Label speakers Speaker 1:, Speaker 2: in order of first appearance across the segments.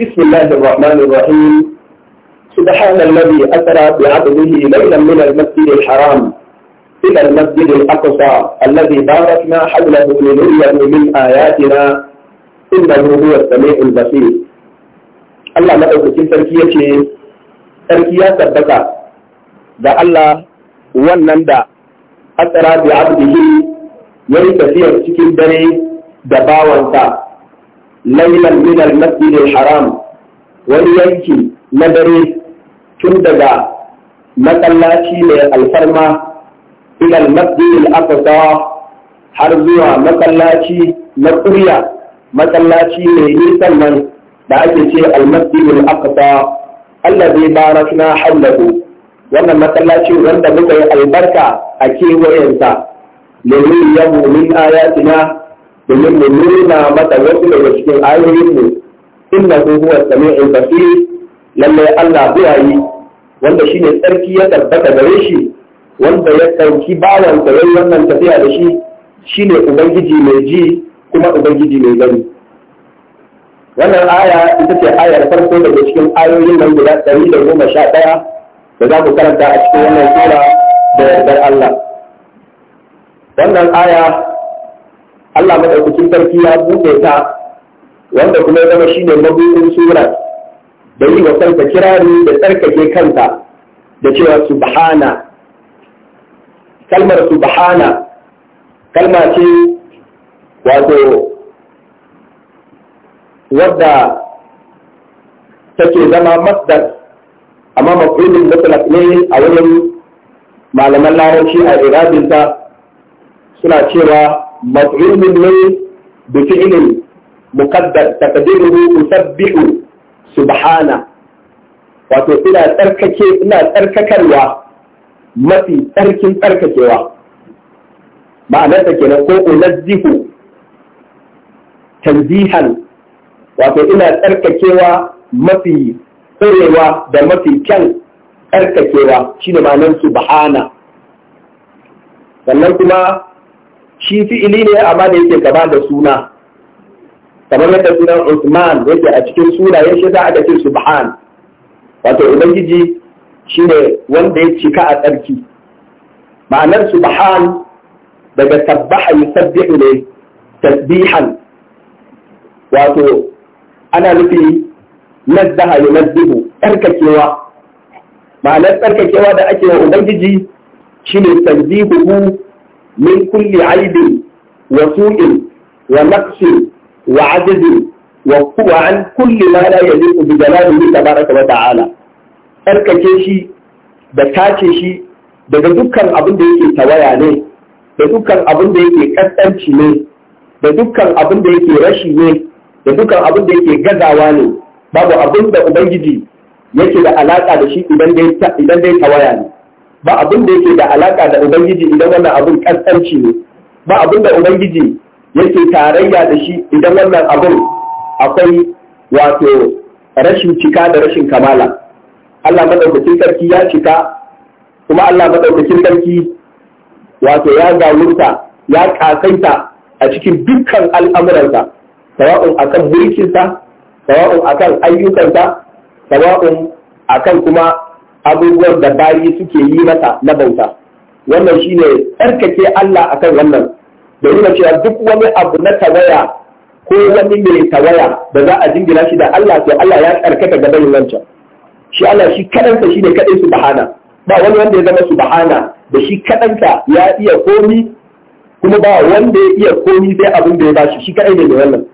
Speaker 1: بسم الله الرحمن الرحيم سبحان الذي أسرى بعبده ليلا من المسجد الحرام إلى المسجد الأقصى الذي باركنا حوله لنريه من آياتنا إنه هو السميع البصير الله مدوكتين تركية تركية تبكى da الله wannan da بعبده bi abdihi yayi tafiyar cikin Lainar minar al-masjid haram wani yanki na dare tun daga masallaci mai alfarma ila al-masjid har zuwa masallaci na ƙurya masallaci mai nisan nan da ake ce al-masjid al-aqsa allazi barakna hawlahu wannan masallaci wanda muka yi albarka a kewayensa lemu limin yamu min ayatina domin mu nuna mata wasu daga cikin ayoyin mu inna hu huwa sami'ul basir lallai Allah huwayi wanda shine tsarki ya tabbata gare shi wanda ya ɗauki bawan da wannan tafiya da shi shine ubangiji mai ji kuma ubangiji mai gani wannan aya ita ce ayar farko daga cikin ayoyin nan guda ɗari da goma sha ɗaya da za ku karanta a cikin wannan sura da yardar Allah wannan aya Allah madaukakin sarki ya buɗe ta wanda kuma ya zama shine mabuɗin sura da yi wa kanta kirari da tsarkake kanta da cewa subhana kalmar subhana kalma ce wato wadda take zama masdar amma mafulin mutlaq ne a wurin malaman larabci a irabinta suna cewa مفعول من بفعل مقدر تقديره أسبح سبحانه wato ina tsarkake ina tsarkakarwa mafi tsarkin tsarkakewa ma'anarsa kenan ko unazzihu tanzihan wato ina tsarkakewa mafi tsorewa da mafi kyan tsarkakewa shine ma'anar subhana sannan kuma shi fi'ili ne amma da yake gaba da suna kamar yadda sunan Usman yake a cikin sunayen shi za a ce subhan wato ubangiji shine wanda ya cika a tsarki ma'anar subhan daga sabbaha yusabbihu ne tasbihan wato ana nufi nazzaha yunazzihu tsarkakewa ma'anar tsarkakewa da ake wa ubangiji shine tasbihu من كل عيب wa su'in wa naqsin wa كل wa لا يليق بجلاله تبارك وتعالى yaliqu bi jalalihi shi da shi daga dukkan abin da yake tawaya ne da dukkan abin da yake kaskanci ne da dukkan abin da yake rashi ne da dukkan abin da yake gazawa ne babu abin da ubangiji yake da alaka da shi idan dai tawaya ne ba abin da yake da alaka da ubangiji idan wannan abin kasance ne ba abin da ubangiji yake tarayya da shi idan wannan abin akwai wato rashin cika da rashin kamala Allah madaukakin sarki ya cika kuma Allah madaukakin sarki wato ya zawurta, ya kasanta a cikin dukkan al'amuransa sawa'un akan mulkinsa sawa'un akan ayyukansa sawa'un akan kuma abubuwan da bayi suke yi mata na bauta wannan shine tsarkake Allah akan wannan da nuna cewa duk wani abu na tawaya ko wani mai tawaya da za a jingina shi da Allah sai Allah ya tsarkaka ga bayin wancan shi Allah shi kadansa shine kadai subhana ba wani wanda ya zama subhana da shi kadansa ya iya komi kuma ba wanda ya iya komi sai abin da ya bashi shi kadai ne wannan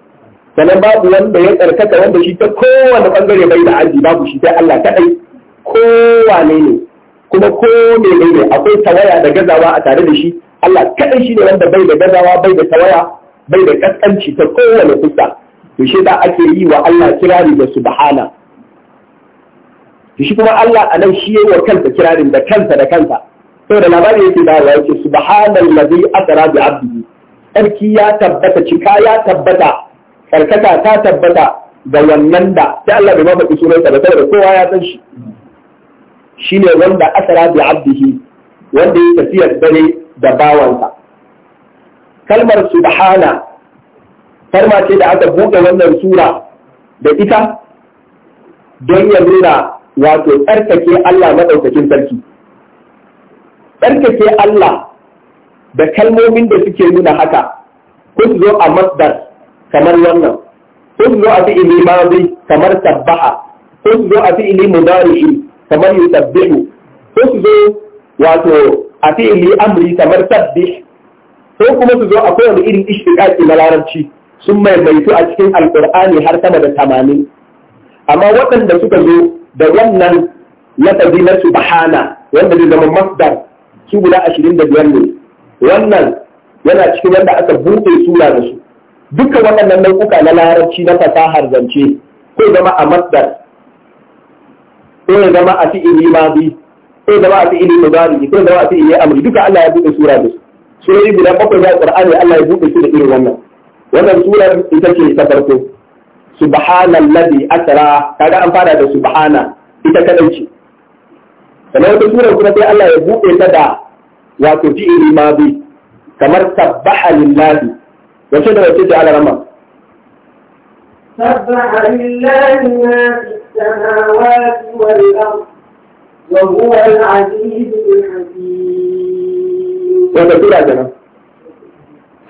Speaker 1: sannan babu wanda ya tsarkaka wanda shi ta kowane bangare bai da aji babu shi sai Allah kadai kowane ne kuma ko ne ne akwai tawaya da gazawa a tare da shi Allah kaɗai shi ne wanda bai da gazawa bai da tawaya bai da kaskanci ta kowane kusa to shi da ake yi wa Allah kirari da subhana shi kuma Allah a nan shi yayi wa kansa kirarin da kanta da kansa saboda labari yake da Allah yake subhanallazi asra bi abdihi sarki ya tabbata cika ya tabbata karkata ta tabbata ga wannan da sai Allah bai mafaɗi sunansa ba saboda kowa ya san shi Shi ne wanda asara bi abdihi wanda ya tafiya dare da bawansa kalmar subhana kalma ce da aka buɗe wannan sura da ita don ya nuna wato tsarkake Allah maɗaukakin sarki tsarkake Allah da kalmomin da suke nuna haka ko su zo a masdar kamar wannan ko su zo a fi'ili mazi kamar sabbaha ko su zo a fi'ili mudari'i kamar yusabbihu ko su zo wato a fi'ili amri kamar Tabbih, ko kuma su zo a kowane irin ishtiqaqi na larabci sun maimaitu a cikin alqur'ani har sama da tamanin amma waɗanda suka zo da wannan lafazi na subhana wanda zai zama masdar su guda ashirin da biyar ne wannan yana cikin wanda aka buɗe sura da su duka waɗannan nau'uka na larabci na fasahar zance ko zama a masdar sai zama a fi'ili madi sai ya zama a fi'ili mudari sai zama a fi'ili amri duka Allah ya buɗe sura da su surori guda bakwai da Qur'ani Allah ya buɗe su da irin wannan wannan surar ita ce ta farko subhanallazi asra kaga an fara da subhana ita kadai ce kamar wata surar kuma sai Allah ya buɗe ta da wato fi'ili madi kamar sabbaha lillahi wace da wace ta alarama
Speaker 2: sabbaha lillahi ma السماوات والأرض وهو العزيز الحكيم
Speaker 1: وتقول كده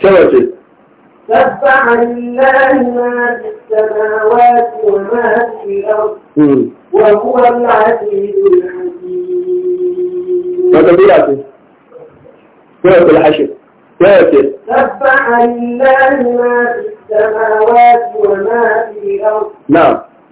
Speaker 1: شو شيء
Speaker 2: سبح لله ما في السماوات وما في الأرض وهو العزيز الحكيم وتقول
Speaker 1: كده سورة الحشر
Speaker 2: سبح لله ما في السماوات وما في الأرض نعم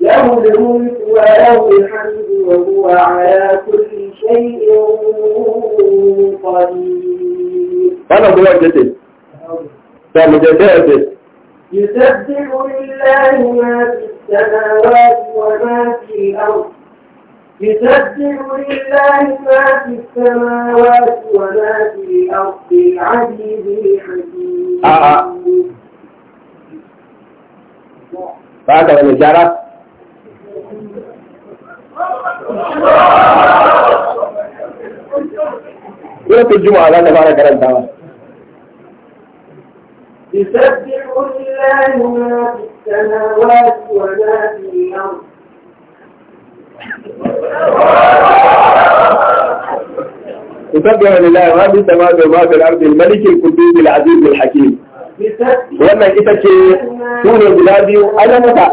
Speaker 2: له الملك وله الحمد وهو على كل شيء قدير أنا
Speaker 1: بوجدتي كان مجدد
Speaker 2: يسبح لله ما في السماوات وما في الأرض يسبح لله ما في السماوات وما في الأرض العزيز الحكيم. آه آه.
Speaker 1: بعد أن جرت سورة الجمعة لا نفعل كلام تعالى يسبح لله ما في السماوات وما في الأرض يسبح لله ما في السماوات وما في الارض الملك القدوس العزيز الحكيم
Speaker 2: يسبح لله لما كتبت سوره
Speaker 1: الجلاليو انا متى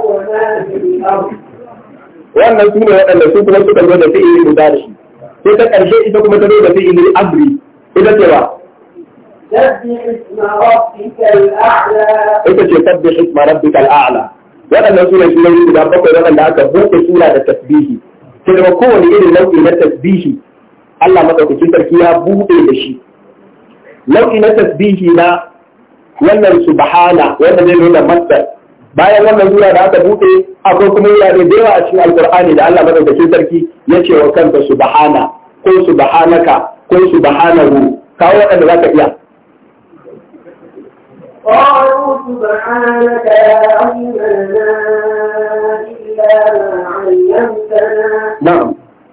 Speaker 1: wannan su ne waɗanda su kuma suka zo da fi'ili guda da shi sai ta ƙarshe ita kuma ta zo da fi'ili amri ita ce ba ita ce sabbi hikma rabbika al'a'la waɗannan su ne sunayi guda bakwai waɗanda aka buɗe sura da tasbihi sai da kowane irin nau'i na tasbihi Allah madaukakin sarki ya buɗe da shi nau'i na tasbihi na wannan subhana wanda zai nuna masdar bayan wannan zuwa da aka buɗe akwai kuma ne da yawa a cikin alkur'ani da Allah ke sarki ya ce wa kanka subhana ko subhanaka ko subhanahu kawo waɗanda za ka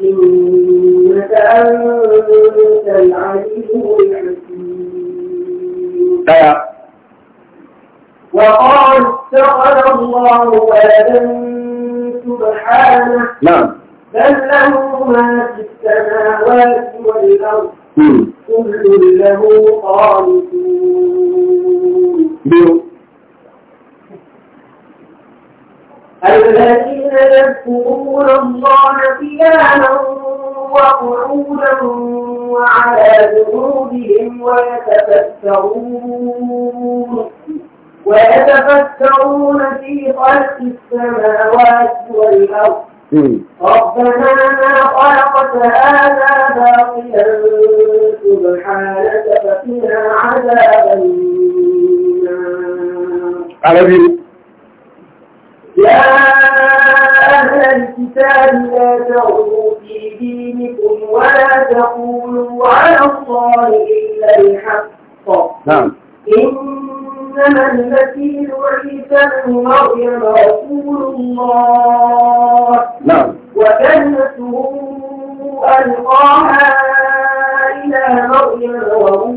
Speaker 2: iya قالوا وقال اتخذ الله ولدا سبحانه نعم بل له ما في السماوات والأرض كل له قانتون الذين يذكرون الله قياما وقعودا وعلى جنوبهم ويتفكرون ويتفكرون في خلق السماوات والأرض ربنا ما خلقت هذا باطلا سبحانك فقنا عذاب النار يا أهل الكتاب لا تغلوا في دينكم ولا تقولوا على الله إلا الحق نعم إن إنما المسيح عيسى بن مريم رسول الله نعم وكلمته ألقاها إلى مريم وروح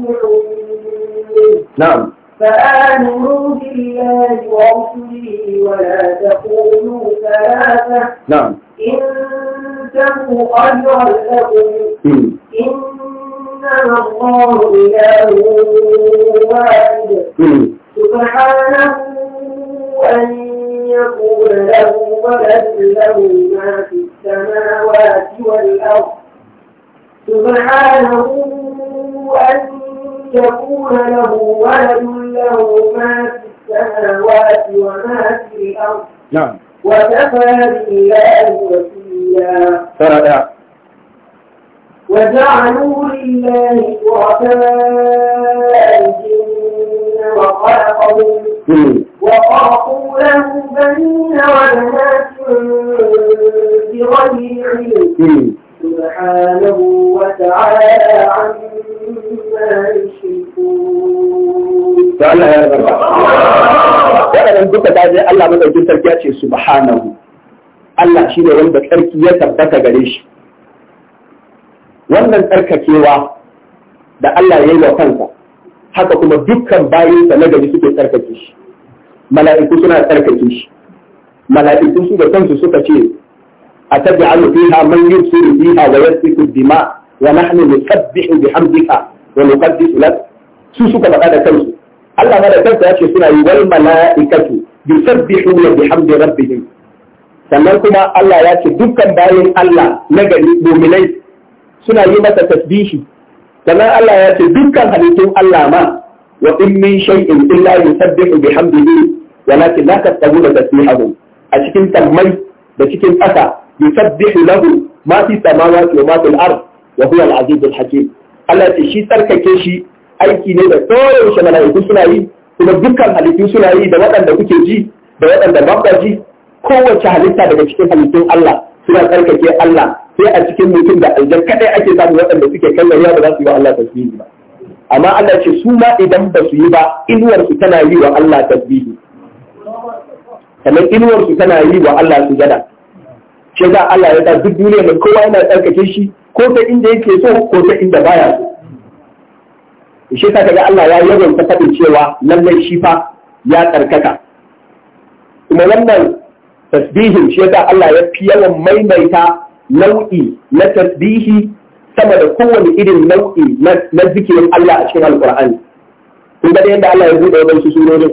Speaker 2: نعم فآمنوا بالله ورسله ولا تقولوا ثلاثة نعم انتهوا خيرا لكم إنما الله إله واحد
Speaker 1: shi ne wanda tsarki ya tabbata gare shi wannan tsarkakewa da Allah ya yi wa kansa haka kuma dukkan bayinsa na gari suke tsarkake shi mala'iku suna tsarkake shi mala'iku su da kansu suka ce a tabi fiha man fiha wa yasfiku dima wa nahnu nusabbihu bihamdika wa nuqaddisu lak su suka faɗa da kansu Allah ma da kansa ya ce suna yi wal mala'ikatu yusabbihuna bihamdi rabbihim sannan kuma Allah ya ce dukkan bayin Allah na gari muminai suna yi masa tasbihi sannan Allah ya ce dukkan halittun Allah ma wa in min shay'in illa yusabbihu bihamdihi walakin la tasbihuna tasbihahu a cikin sammai da cikin ƙasa yusabbihu lahu ma fi samawati wa ma fil ard wa huwa al-aziz al-hakim Allah ce shi tsarkake shi aiki ne da kowace mala'iku suna yi kuma dukkan halittu suna yi da waɗanda kuke ji da waɗanda ba ji kowace halitta daga cikin halittun Allah suna tsarkake Allah sai a cikin mutum da aljan kadai ake samu waɗanda suke kallariya ba za su yi wa Allah tasbihi ba amma Allah ce su ma idan ba su yi ba inuwar su tana yi wa Allah tasbihi kamar inuwar su tana yi wa Allah sujada ce za Allah ya sa duk duniya mai kowa yana tsarkake shi ko ta inda yake so ko ta inda baya so shi sa kaga Allah ya yawan ta faɗin cewa lallai shi fa ya tsarkaka kuma wannan tasbihin shi yasa Allah ya fi yawan maimaita nau'i na tasbihi sama da kowane irin nau'i na zikirin Allah a cikin Alƙur'ani. Kun ga yadda Allah ya buɗe waɗansu surorin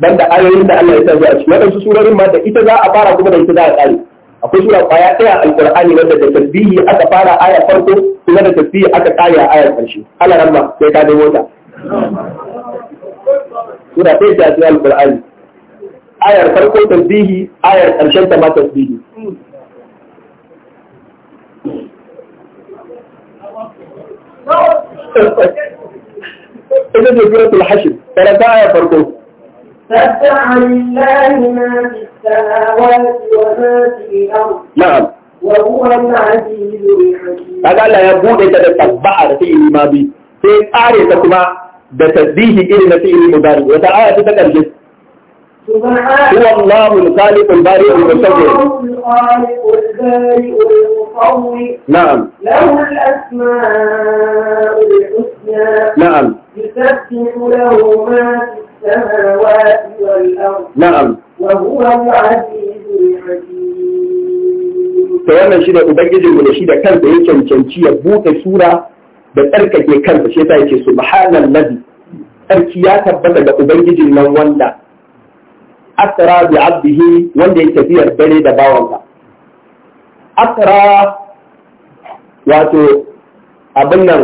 Speaker 1: banda ayoyin da Allah ya sa a cikin waɗansu surorin ma da ita za a fara kuma da ita za a tsare. Akwai sura kwaya ɗaya Alƙur'ani wanda da tasbihi aka fara aya farko kuma da tasbihi aka tsare a ayar ƙarshe. Allah ramma sai ka dai mota. Sura ɗaya ta cikin Alƙur'ani. ayar farko tasbihi ayar ƙarshen ta ma tasbihi
Speaker 2: ina da
Speaker 1: gura ce suratul tara ta ayar farko
Speaker 2: سبح لله ما في السماوات وما في الأرض نعم وهو العزيز الحكيم
Speaker 1: هذا لا يبود إذا تتبع فيه ما بي sai tsare ta kuma da tasbihi irin na fi'il mudari wata aya ta karshe
Speaker 2: هو الله الخالق البارئ المصور نعم له الأسماء الحسنى نعم يسبح له ما في السماوات والأرض نعم وهو العزيز الحكيم wannan shi da ubangijinmu da shi da kansa ya
Speaker 1: cancanci ya buɗe sura da tsarkake kansa shi ta yake subhanallazi tsarki ya tabbata da ubangijin nan wanda asra bi abdihi wanda ya tafiyar dare da bawanka asra wato abin nan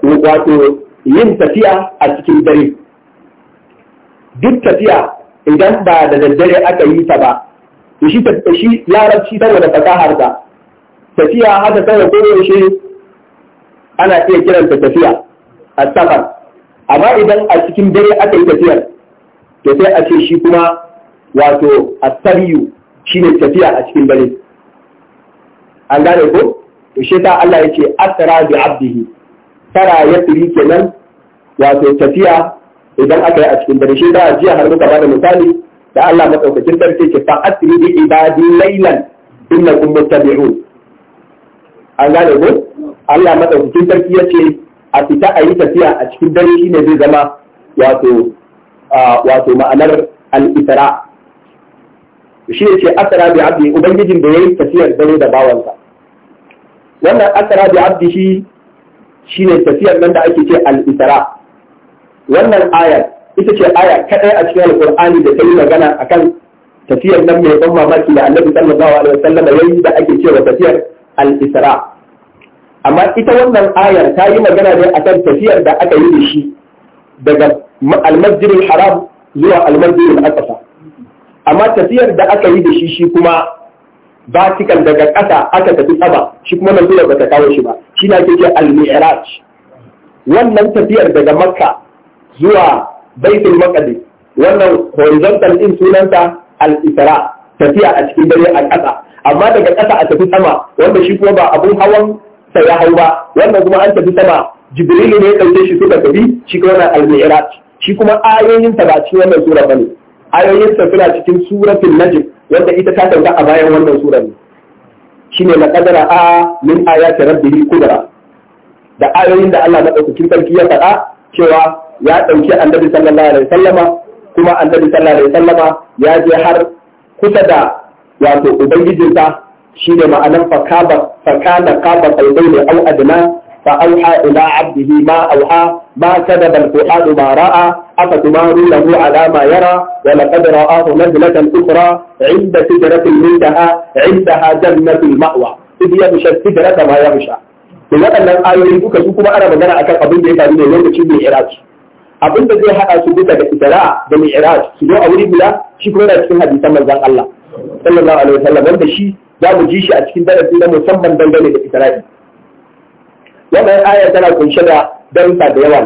Speaker 1: wato yin tafiya a cikin dare duk tafiya idan ba da daddare aka yi ta ba shi shi larabci da fasahar ta tafiya haka ko yaushe ana iya kiranta tafiya a safar amma idan a cikin dare aka yi tafiyar to sai a ce shi kuma wato a shi shine tafiya a cikin dare an gane ko to shi ta Allah ya ce asara bi abdihi tara ya tiri kenan wato tafiya idan aka yi a cikin dare shi ta jiya har muka bada misali da Allah madaukakin sarki ce fa asri bi ibadi laylan innakum muttabi'un an gane ko Allah madaukakin sarki ya ce a fita a yi tafiya a cikin dare shine zai zama wato wato ma'anar al'isara shi ne ce asra bi abdi ubangijin da yayi tafiyar dare da bawansa wannan asra bi abdi shi shine tafiyar nan da ake ce al'isara. wannan ayar ita ce aya kadai a cikin alqur'ani da ta yi magana akan tafiyar nan mai ban mamaki da annabi sallallahu alaihi wasallam yayi da ake cewa tafiyar al amma ita wannan ayar ta yi magana ne akan tafiyar da aka yi da shi daga almasjidil haram zuwa almasjidil aqsa amma tafiyar da aka yi da shi shi kuma batikan daga ƙasa aka tafi sama shi kuma nan ba ta kawo ba shi na ke ce wannan tafiyar daga makka zuwa baitul maqdis wannan horizontal ɗin sunanta al-isra tafiya a cikin dare a ƙasa amma daga ƙasa a tafi sama wanda shi kuma ba abun hawan ta ya hau ba wannan kuma an tafi sama jibrilu ne ya ɗauke shi suka tafi shi kuma na al shi kuma ayoyinsa ba cikin wannan sura bane ayoyinsa suna cikin suratul najm wanda ita ta sauka a bayan wannan sura ne shine la qadara a min ayati rabbihi kubra da ayoyin da Allah madaukakin sarki ya faɗa cewa ya ɗauki annabi sallallahu alaihi wasallama kuma annabi sallallahu alaihi wasallama ya je har kusa da wato ubangijinsa shine ma'anan fakaba fakana kaba qalbayni aw adna فأوحى إلى عبده ما أوحى ما كذب الفؤاد ما رأى أفتمارونه على ما يرى ولقد رآه نزلة أخرى عند سدرة المنتهى عندها جنة المأوى إذ يغشى السدرة ما يغشى to waɗannan ayoyi duka su kuma ana magana akan abin da ya faru ne lokacin mi'raj abin da zai haɗa su duka da isra da mi'raj su zo a wuri guda shi kuma na cikin hadisan manzon Allah sallallahu alaihi wasallam wanda shi za mu ji shi a cikin darasi na musamman dangane da isra'i wannan ayar tana kunshe da darussa da yawa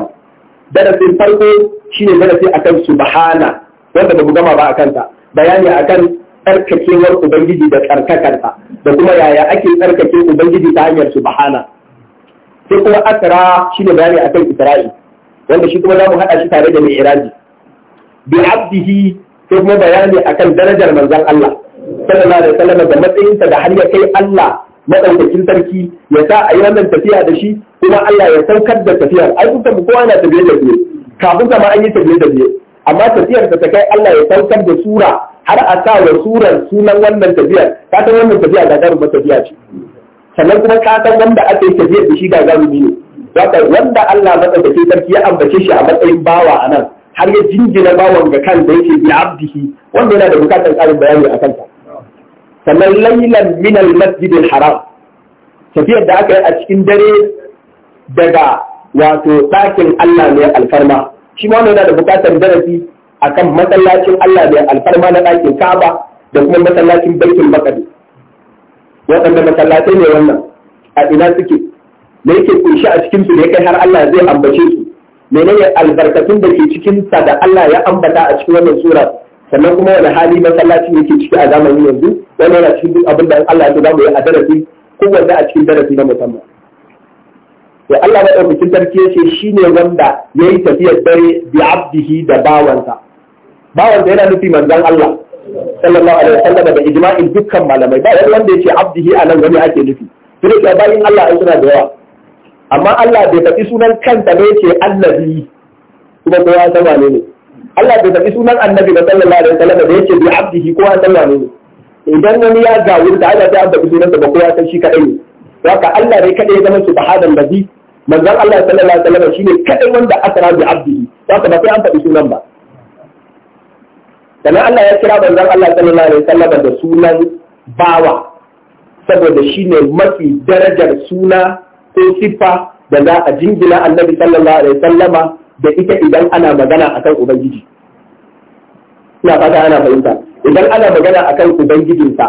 Speaker 1: darasin farko shine darasi akan subhana wanda ba mu gama ba akan ta bayani akan tsarkakewar ubangiji da tsarkakarta, da kuma yaya ake tsarkake ubangiji ta hanyar subhana sai kuma asra shine bayani akan isra'i wanda shi kuma zamu mu haɗa shi tare da mi'raji bi abdihi sai kuma bayani akan darajar manzon Allah sallallahu alaihi wasallam da matsayinsa da hanyar ya kai Allah madaukakin sarki ya sa a yi wannan tafiya da shi kuma Allah ya saukar da tafiyar ai kun mu kowa na tafiye da tafiye kafin sama an yi tafiye da tafiye amma tafiyar da ta kai Allah ya saukar da sura har a sa wa surar sunan wannan tafiyar ka san wannan tafiya gagarumar tafiya ce sannan kuma ka san wanda aka yi tafiyar da shi gagarumi ne Wata wanda Allah madaukakin sarki ya ambace shi a matsayin bawa a nan har ya jingina bawan ga kan da yake bi abdihi wanda yana da bukatar ƙarin bayani a kanta sannan lailan min al-masjid al-haram tafiyar da aka yi a cikin dare daga wato ɗakin Allah mai alfarma shi ma wannan yana da bukatar darasi akan masallacin Allah mai alfarma na ɗakin Ka'aba da kuma masallacin Baitul Maqdis waɗanda masallatai ne wannan a ina suke me yake kunshi a cikin su ne kai har Allah zai ambace su menene albarkatun da ke cikin sa da Allah ya ambata a cikin wannan sura sannan kuma wani hali masallaci yake ciki a zamanin yanzu wani yana cikin duk abin da Allah ya zamu yi a darasi kowanne a cikin darasi na musamman ya Allah madaukakin sarki yace shine wanda yayi tafiyar dare bi abdihi da bawansa bawansa yana nufi manzon Allah sallallahu alaihi wasallam da ijma'in dukkan malamai ba wani wanda yace abdihi a nan gani ake nufi sai da bayin Allah ai suna da yawa amma Allah bai tafi sunan kansa ba yace allazi kuma kowa ya san wane ne Allah bai zabi sunan annabi ba sallallahu alaihi wasallam da yake bi abdihi ko an sallama ne idan wani ya gawo da Allah sai an zabi sunan sa ba ko san shi kadai ne haka Allah ne kadai ya zama subhanan ladhi manzon Allah sallallahu alaihi wasallam shine kadai wanda asra bi abdihi haka ba sai an faɗi sunan ba sannan Allah ya kira manzon Allah sallallahu alaihi wasallam da sunan bawa saboda shine mafi darajar suna ko siffa da za a jingina annabi sallallahu alaihi wasallama da ita idan ana magana akan ubangiji ina fata ana fahimta idan ana magana akan ubangijinsa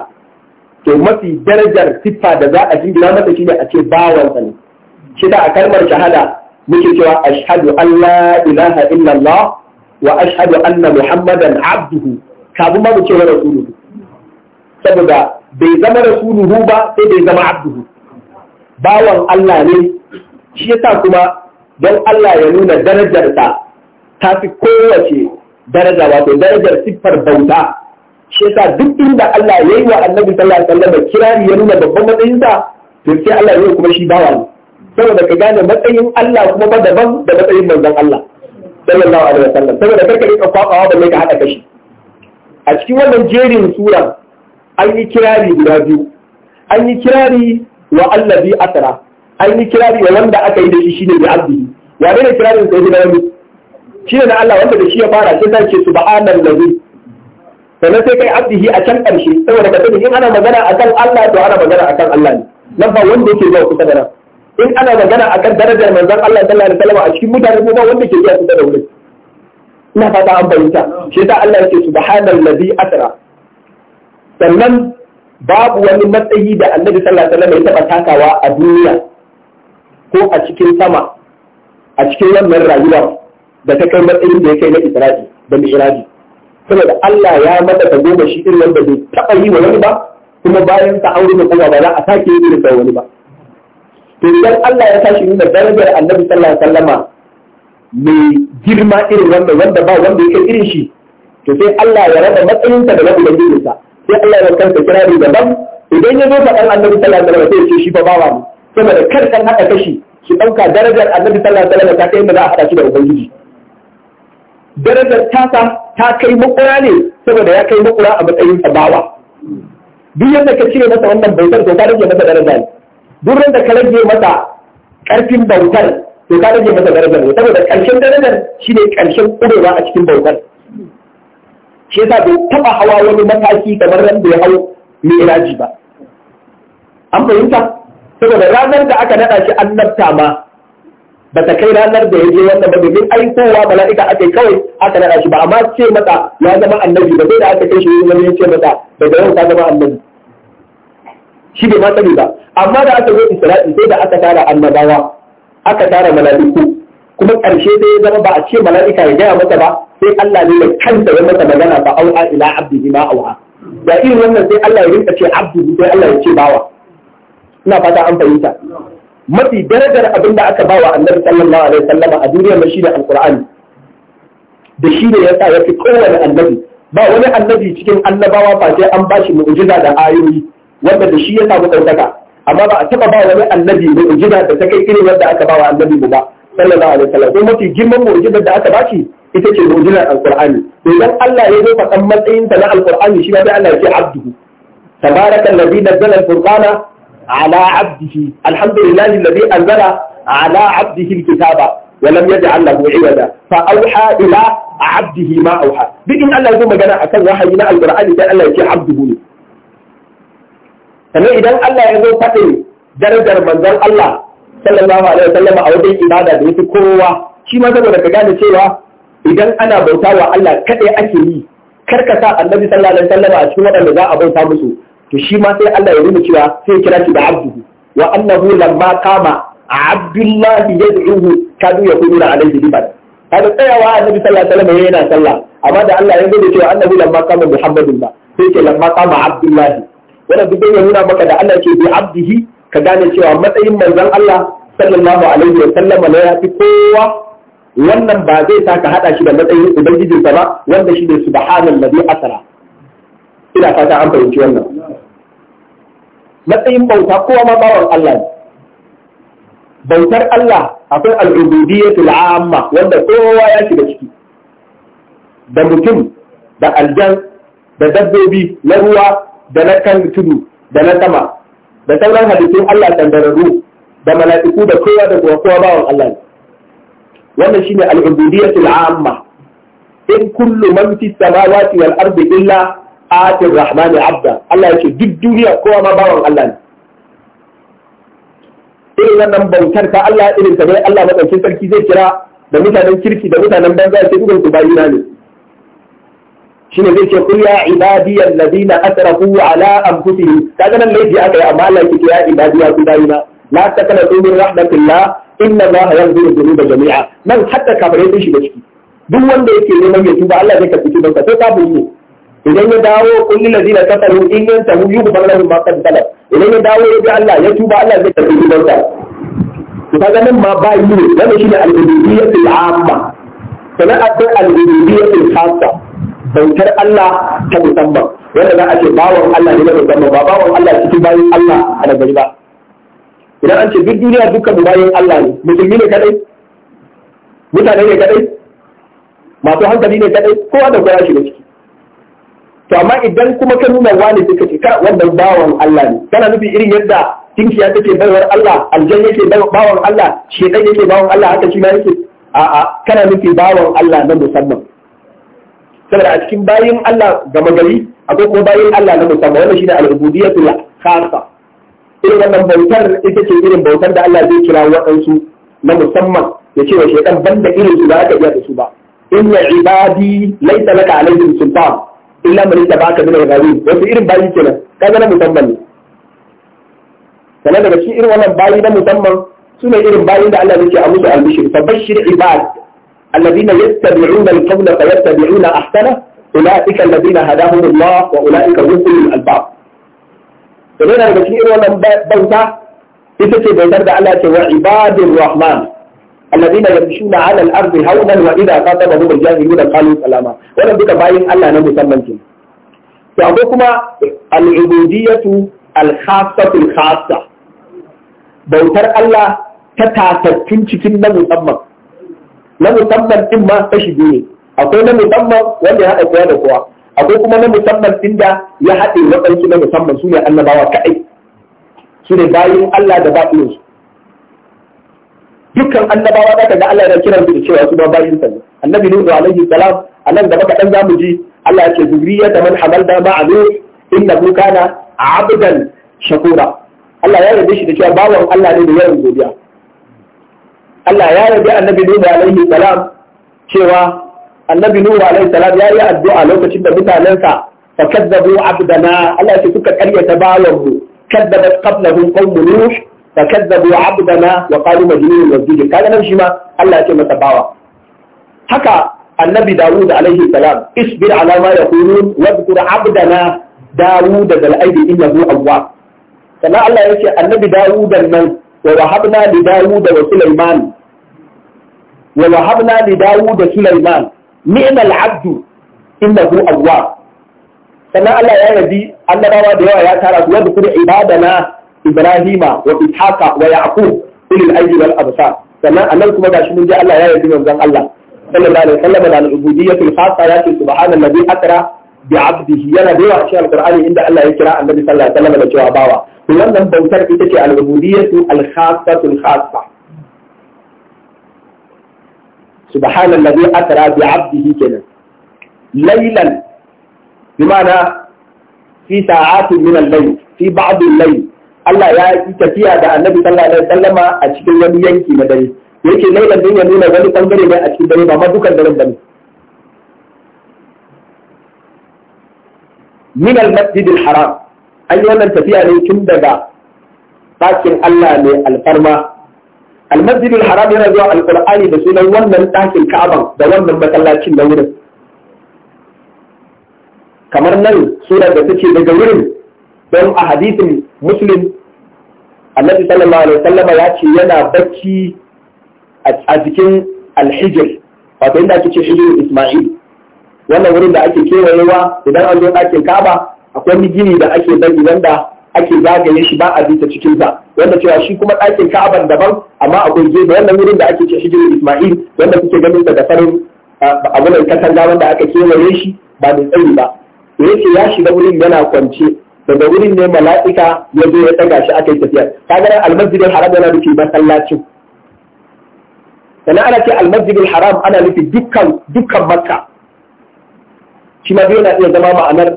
Speaker 1: to mafi darajar siffa da za a jingina masa shine a ce bawansa ne shi da a kalmar shahada muke cewa ashhadu an la ilaha illallah wa ashhadu anna muhammadan abduhu kafin ma mu ce rasuluhu saboda bai zama rasuluhu ba sai bai zama abduhu bawan Allah ne shi yasa kuma don Allah ya nuna darajarsa ta fi kowace daraja wato darajar siffar bauta shi yasa duk inda Allah ya yi wa annabi sallallahu alaihi wasallam kirari ya nuna babban matsayinsa to sai Allah ya yi kuma shi bawa ne saboda ka gane matsayin Allah kuma ba daban da matsayin manzon Allah sallallahu alaihi wasallam saboda kar karka rika ba balle ka haɗa kashi a cikin wannan jerin sura an yi kirari guda biyu an yi kirari wa allazi asra an yi kirari da wanda aka yi da shi shine bi abdi ya ne kirarin sai da wani Shi ne na Allah wanda da shi ya fara sai ta ce subhanallahi sannan sai kai abdihi a can karshe saboda ka sani in ana magana akan Allah to ana magana akan Allah ne nan ba wanda yake zuwa kusa da nan in ana magana akan darajar manzon Allah sallallahu alaihi wasallam a cikin mutane ko ba wanda ke zuwa kusa da wurin ina fata an bayyana shi yasa Allah yake subhanallazi asra sannan babu wani matsayi da annabi sallallahu alaihi wasallam ya taba takawa a duniya ko a cikin sama a cikin wannan rayuwar da ta kai matsayin da ya kai na isra'i da mi'raji saboda Allah ya mata ta goma shi irin wanda bai taɓa yi wa wani ba kuma bayan ta aure da kuma ba za a sake yi irin da wani ba to idan Allah ya tashi nuna darajar annabi sallallahu alaihi wasallama mai girma irin wannan wanda ba wanda yake irin shi to sai Allah ya raba matsayinsa da da sa, sai Allah ya kansa kirari daban idan ya zo faɗan annabi sallallahu alaihi wasallam sai ya ce shi fa bawa ne saboda kar kan haɗa kashi su ɗauka darajar annabi sallallahu alaihi wasallam ta kai inda za haɗa shi da ubangiji darajar tasa ta kai makura ne saboda ya kai makura a matsayin sabawa duk yadda ka cire masa wannan bautar to ka rage masa daraja ne duk yadda ka rage masa ƙarfin bautar to ka rage masa darajar ne saboda ƙarshen darajar shine ƙarshen ƙurewa a cikin bautar shi yasa bai taɓa hawa wani mataki kamar ran da ya hau mai iraji ba an fahimta saboda ranar da aka naɗa shi annabta ma ba ta kai ranar da ya je wannan ba domin aikowa mala'ika aka yi kawai aka naɗa shi ba amma ce mata ya zama annabi ba sai da aka kai shi wani ya ce mata daga yau ta zama annabi shi bai ma sani ba amma da aka zo isra'i sai da aka tara annabawa aka tara mala'iku kuma ƙarshe sai ya zama ba a ce mala'ika ya gaya masa ba sai Allah ne da kansa ya masa magana ba au'a ila abdihi ma au'a da irin wannan sai Allah ya rinka ce abdihi sai Allah ya ce bawa ina fata an fahimta mafi darajar abin da aka bawa annabi sallallahu alaihi wasallama a duniya na shi da alqur'ani da shi ne yasa yafi kowane annabi ba wani annabi cikin annabawa ba sai an bashi mu'jiza da ayoyi wanda da shi ya samu ɗaukaka amma ba a taɓa ba wani annabi mu'jiza da ta kai irin wanda aka ba wa annabi mu ba sallallahu alaihi wasallam ko mafi girman mu'jizar da aka bashi ita ce mu'jizar alqur'ani to idan Allah ya zo faɗan matsayin ta na alqur'ani shi ba sai Allah ya ce abduhu kallabi na nazzala alfurqana ala abdihi alhamdulillahi alladhi anzala ala abdihi alkitaba wa lam yaj'al lahu iwada fa auha ila abdihi ma auha duk in Allah ya magana akan wahayi na alqur'ani dan Allah ya ce sannan idan Allah ya zo faɗin darajar manzon Allah sallallahu alaihi wasallam a wajen ibada da yake kowa shi ma saboda ka gane cewa idan ana bauta wa Allah kaɗai ake yi sa, annabi sallallahu alaihi wasallam a cikin waɗanda za a bauta musu to shi ma sai Allah ya nuna cewa sai ya kira shi da abduhu wa annahu lamma qama abdullahi yad'uhu kadu yaquluna alayhi liban kada tsayawa annabi sallallahu alaihi wasallam yana sallah amma da Allah ya nuna cewa annabi lamma qama muhammadun ba sai ce lamma kama abdullahi wannan duk ya nuna maka da Allah ke bi abdihi ka gane cewa matsayin manzon Allah sallallahu alaihi wasallam ne ya fi kowa wannan ba zai saka hada shi da matsayin ubangijinsa ba wanda shi ne subhanallazi asra ina fata an fahimci wannan matsayin bauta kowa ma bawan Allah ne bautar Allah akwai al'ubudiyatul amma wanda kowa ya shiga ciki da mutum da aljan da dabbobi na ruwa da na kan tudu da na sama da sauran halittun Allah tandararru da mala'iku da kowa da kowa kowa bawan Allah ne wannan shine al'ubudiyatul amma in kullu man fi samawati wal ardi illa atir rahmani abda Allah yake duk duniya kowa ma bawan Allah ne irin wannan bautar ta Allah irin ta bai Allah madaukin sarki zai kira da mutanen kirki da mutanen banza sai dukkan su bayina ne shine zai ce qul ya ibadiy alladhina asrafu ala anfusihim kaga nan laifi aka yi amma Allah yake ya Ibadi ibadiya ku bayina la taqnatu min rahmatillah inna Allah yaghfiru dhunuba jami'a nan hatta kafirai sun shiga ciki duk wanda yake neman ya tuba Allah zai ka fito don ka sai kafiri ne idan ya dawo kullin ladina kafaru in yantahu yughfar lahum ma qad salaf idan ya dawo ya bi Allah ya tuba Allah zai tafi gidansa to kaga nan ma ba yi ne wannan shine al-ubudiyyatul amma sannan akwai al-ubudiyyatul khassa bautar Allah ta musamman wanda za a ce bawon Allah ne na musamman ba bawon Allah cikin bayan Allah a nagari ba idan an ce duk duniya dukkan mu bayan Allah ne musulmi ne kadai mutane ne kadai masu hankali ne kadai kowa da kowa shi da ciki to amma idan kuma ka nuna wani suka kace ka wannan bawan Allah ne kana nufi irin yadda tinkiya take baiwar Allah aljan yake bawan Allah shedan yake bawan Allah haka shi ma yake a a kana nufi bawan Allah na musamman saboda a cikin bayin Allah gama gari akwai kuma bayin Allah na musamman wannan shine al-ubudiyatul khassa irin wannan bautar ita ce irin bautar da Allah zai kira waɗansu na musamman ya ce wa shedan banda irin su ba ka iya da su ba inna ibadi laysa laka alaihim sultan illa man yattaba'aka min al-ghawin wato irin bayi kenan kaga na musamman ne sannan daga cikin irin wannan bayi na musamman sune irin bayi da Allah yake a musu albishir fa bashir ibad alladhina yattabi'una al-qawla fa yattabi'una ahsana ulaika alladhina hadahumullah wa ulaika hum ulul albab sannan daga cikin irin wannan bauta ita ce bautar da Allah ce wa ibadur rahman alladina yamshuna ala al-ardi hawlan wa idha khatabahum al-jahiluna qalu salama wannan duka bayin Allah na musamman ke akwai kuma al-ubudiyatu bautar Allah ta tasattun cikin na musamman na musamman din ma ta shige ne akwai na musamman wanda ya haɗa kowa da kowa akwai kuma na musamman din da ya haɗe waɗansu na musamman su ne annabawa kaɗai su ne bayin Allah da ba irinsu dukkan annabawa zaka ga Allah ya kira su da cewa su ba bayin sa annabi nuhu alaihi salam da baka dan zamu ji Allah ya ce zuriyata man innahu kana abdan shakura Allah ya yarda shi da cewa bawan Allah ne da yawan godiya Allah ya yarda annabi nuhu alaihi salam cewa annabi nuhu alaihi salam ya yi addu'a lokacin da mutanensa fa kadzabu abdana Allah ya ce suka karyata bawan mu kadzabat qablahum qaum nuh فكذبوا عبدنا وقالوا مجنون مزدوج كان نمشي ما الله يتم تباوى حكى النبي داوود عليه السلام اصبر على ما يقولون واذكر عبدنا داوود ذا الأيدي إنه أواب فما الله يتم النبي داوود من ووهبنا لداوود وسليمان ووهبنا لداوود سليمان نعم العبد إنه أواب فما الله يتم أن ما ما ديوه يا عبادنا ibrahima wa ishaqa wa yaqub ulil ayyi wal absar sannan anan kuma gashi mun ji Allah ya yarda manzon Allah sallallahu alaihi wasallam da al-ubudiyyatul khassa ya ce subhanallazi akra bi abdihi yana da yawa cikin alqur'ani inda Allah ya kira annabi sallallahu alaihi wasallam da cewa bawa to wannan bautar ita ce al-ubudiyyatu al-khassatul khassa subhanallazi akra bi abdihi kenan laylan bima'ana fi sa'atin min al-layl fi ba'd al-layl Allah ya yi tafiya da annabi sallallahu alaihi wasallama a cikin wani yanki na dare yake lailan din ya nuna wani bangare ne a cikin dare ba ma dukan daren bane min al-masjid al-haram an yi wannan tafiya ne tun daga ɗakin Allah ne alfarma al-masjid al-haram yana zuwa al-qur'ani da sunan wannan ɗakin Ka'aban da wannan masallacin na wurin kamar nan surar da take daga wurin don a hadisin muslim annabi sallallahu alaihi wasallama ya ce yana bacci a cikin alhijir wato inda ake ce hijirin isma'il wannan wurin da ake kewayewa idan an zo ɗakin kaba akwai wani gini da ake bari wanda ake zagaye shi ba a bi ta cikin sa wanda cewa shi kuma ɗakin ka'aban daban amma akwai gefe wannan wurin da ake ce hijirin isma'il wanda kuke ganin sa da farin abunan katanga wanda aka kewaye shi ba da tsayi ba da ya shiga wurin yana kwance daga wurin ne mala'ika ya zo ya daga shi aka yi tafiya kaga almasjid al-haram yana nufi masallacin sannan ana ce almasjid al-haram ana nufi dukkan dukkan makka shi ma yana iya zama ma'anar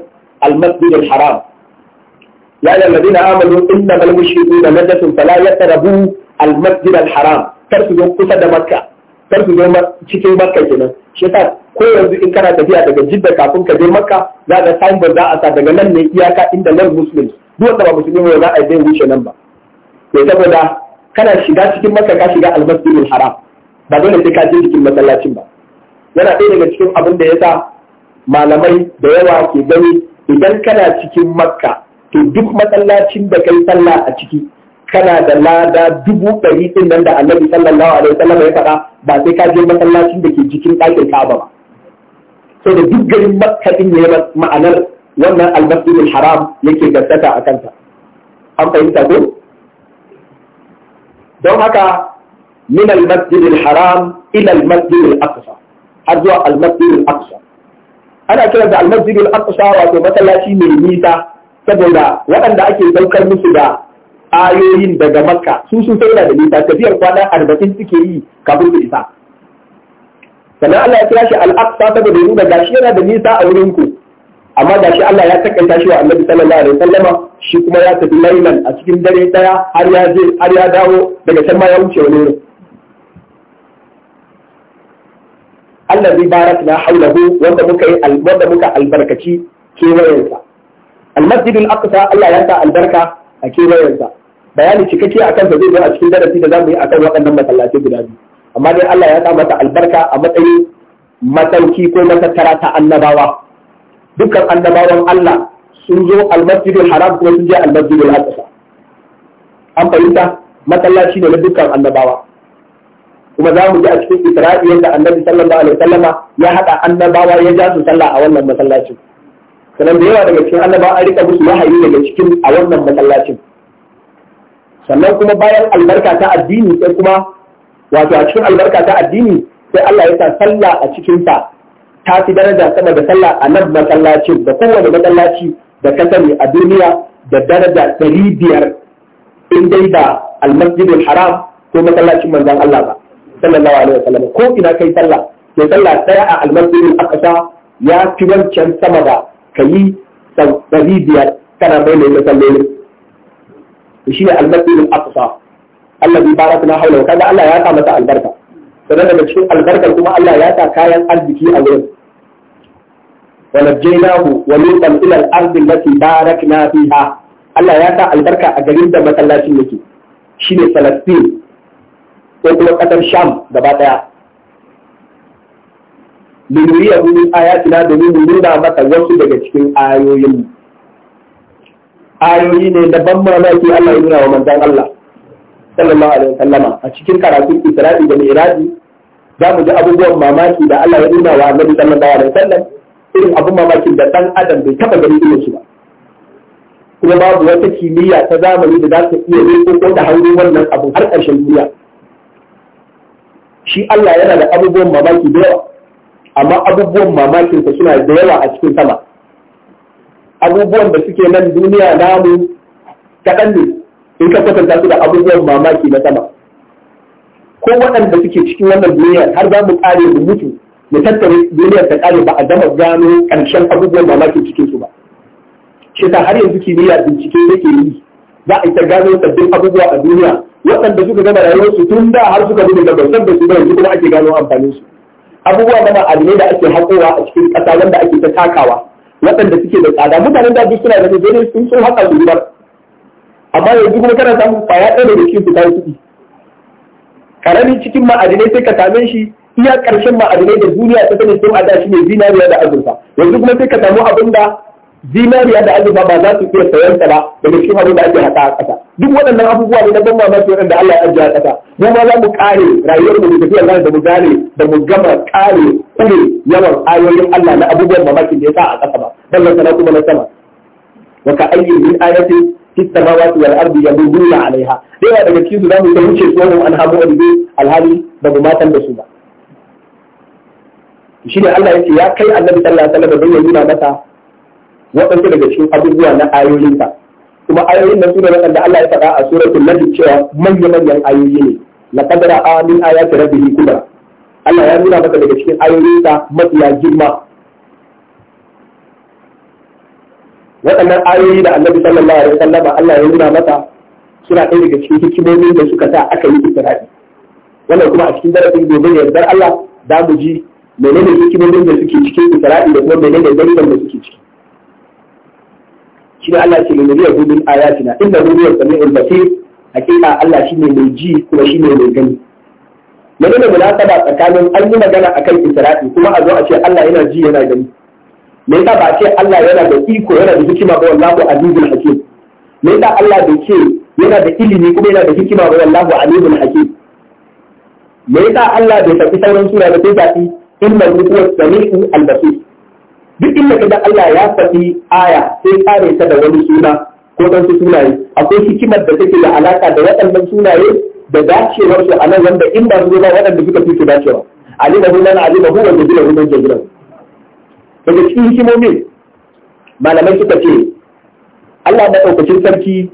Speaker 1: almasjid al-haram ya ayyuhal ladina amanu innamal mushrikuuna najasun fala yaqrabu al-masjid al-haram kar su zo kusa da makka kar ku je cikin makka kenan shi yasa ko yanzu in kana tafiya daga jidda kafin ka je makka za ga signboard za a sa daga nan ne iyaka inda nan muslims duk wanda ba musulmi ba za a yi wuce nan ba to saboda kana shiga cikin makka ka shiga almasjidil haram ba dole sai ka je cikin masallacin ba yana ɗaya daga cikin abin da yasa malamai da yawa ke gani idan kana cikin makka to duk masallacin da kai sallah a ciki kana da lada dubu ɗari ɗin nan da annabi sallallahu alaihi wasallam ya faɗa ba sai ka je masallacin da ke jikin ɗakin Ka'aba ba sai da duk garin Makka din ne ma'anar wannan al-Masjidul Haram yake gaskata a kanta an fahimta ko don haka min al-Masjidil Haram ila al-Masjidil Aqsa har zuwa al-Masjidil Aqsa ana kiran da al-Masjidil Aqsa wato masallaci mai nisa saboda waɗanda ake saukar musu da ayoyin daga makka su sun sai da nisa tafiyar kwana arba'in suke yi kafin su isa sannan Allah ya kira shi al-aqsa saboda ya nuna shi yana da nisa a wurin ku amma shi Allah ya takaita shi wa Annabi sallallahu alaihi wasallama shi kuma ya tafi lailan a cikin dare daya har ya je har ya dawo daga can ma ya wuce wani wurin Allah zai barak na haulahu wanda muka yi wanda muka albarkaci kewayensa al-masjidul aqsa Allah ya sa albarka a kewayensa bayani cikakke a kansa zai zo a cikin darasi da za mu yi a kan waɗannan masallatai guda biyu amma dai Allah ya sa mata albarka a matsayin matauki ko masattara ta annabawa dukkan annabawan Allah sun zo almasjidul haram kuma sun je almasjidul aqsa an fahimta masallaci ne na dukkan annabawa kuma za mu ji a cikin isra'i yadda annabi sallallahu alaihi wasallama ya haɗa annabawa ya ja su sallah a wannan masallacin sanan da yawa daga cikin annabawa an rika musu wahayi daga cikin a wannan masallacin sannan kuma bayan albarka ta addini sai kuma wato a cikin albarka ta addini sai Allah ya sa sallah a cikin ta ta fi daraja sama da sallah a nan masallacin da kowane masallaci da ka sani a duniya da daraja ɗari biyar in dai da almasjidul haram ko masallacin manzon Allah ba sallallahu alaihi wasallam ko ina kai sallah Sai sallah ɗaya a almasjidul aqsa ya fi wancan sama da kayi sau ɗari biyar kana mai mai masallolin shi ne almasjidul aqsa allazi barakna haula, kaga Allah ya sa masa albarka sannan daga cikin albarka kuma Allah ya sa kayan arziki a wurin ونجيناه ولوطا الى الارض التي باركنا فيها Allah ya sa albarka a garin da masallacin yake shine Palestine ko kuma kasar Sham gaba daya linuriya min ayatina domin mu nuna masa wasu daga cikin ayoyin ayoyi ne da ban mamaki Allah ya nuna wa manzon Allah sallallahu alaihi wasallama a cikin karatun Isra'i da Mi'raji za mu ji abubuwan mamaki da Allah ya nuna wa Annabi sallallahu alaihi wasallam irin abun mamaki da dan adam bai taba gani irin shi ba kuma babu wata kimiyya ta zamani da za ta iya yi ko da hango wannan abu har ƙarshen duniya shi Allah yana da abubuwan mamaki da yawa amma abubuwan mamakinsa suna da yawa a cikin sama abubuwan da suke nan duniya namu kaɗan ne in ka kwatanta su da abubuwan mamaki na sama ko waɗanda suke cikin wannan duniyar har za mu ƙare mu mutu mu tattare duniyar ta ƙare ba a gama gano ƙarshen abubuwan mamaki cikin su ba shi ta har yanzu kimiyya bincike yake yi za a ta gano sabbin abubuwa a duniya waɗanda suka gama rayuwarsu tun da har suka gudu da san da su ba yanzu kuma ake gano amfanin su abubuwa na abu da ake haƙowa a cikin ƙasa wanda ake ta takawa waɗanda suke da tsada mutanen da suna da gani sun sun haka su gidan amma yanzu kuma kana samun kwaya ɗaya da cikin su kuɗi karamin cikin ma'adinai sai ka same shi iya ƙarshen ma'adinai da duniya ta sani sun ada shi ne zinariya da azurfa yanzu kuma sai ka samu abin da zinariya da azurfa ba za su iya sayan ta ba daga cikin abin da ake haka a ƙasa duk waɗannan abubuwa ne na ban mamaki waɗanda Allah ya ajiye a ƙasa mu ma za mu kare rayuwar mu da tafiyar da mu gane da mu gama kare kure yawan ayoyin Allah na abubuwan mamakin da ya sa a ƙasa ba ballan sana kuma na sama wa ka ayyin min ayatin fi samawati wal ardi yamuduna alaiha yawa daga cikin su za mu ta wuce su wannan an hamu addu alhali da mu matan da su ba shine Allah yake ya kai Annabi sallallahu alaihi wasallam ya nuna masa waɗansu daga cikin abubuwa na ayoyinsa. kuma ayoyin nan sune waɗanda Allah ya faɗa a suratul najm cewa manya-manyan ayoyi ne la kadara amin ayati rabbihi kubra Allah ya nuna maka daga cikin ayoyinsa mafiya girma waɗannan ayoyi da annabi sallallahu alaihi wasallama Allah ya nuna maka suna ɗaya daga cikin hikimomin da suka sa aka yi isra'i wannan kuma a cikin darasin gobe ne yardar Allah da mu ji menene hikimomin da suke cikin isra'i da kuma menene dalilan da suke ciki shi ne Allah ce lulluɓe hudun ayatina inda hudun sami'ul basir hakika Allah shi ne mai ji kuma shi ne mai gani magana munasaba tsakanin an yi magana akan isra'i kuma a zo a ce Allah yana ji yana gani me yasa ba a ce Allah yana da iko yana da hikima ba wallahu azizul hakim me yasa Allah bai ce yana da ilimi kuma yana da hikima ba wallahu alimul hakim me yasa Allah bai tafi sauran sura da sai zaɓi in man huwa sami'u al-basir duk inda kaga Allah ya faɗi aya sai kare ta da wani suna ko dan su sunaye akwai hikimar da take da alaka da waɗannan sunaye da dacewar su a nan wanda in ba zuwa waɗanda suka fi su dacewa Ali da alimahu da jazila hu jazila daga cikin hikimomi malamai suka ce Allah ɗaukacin sarki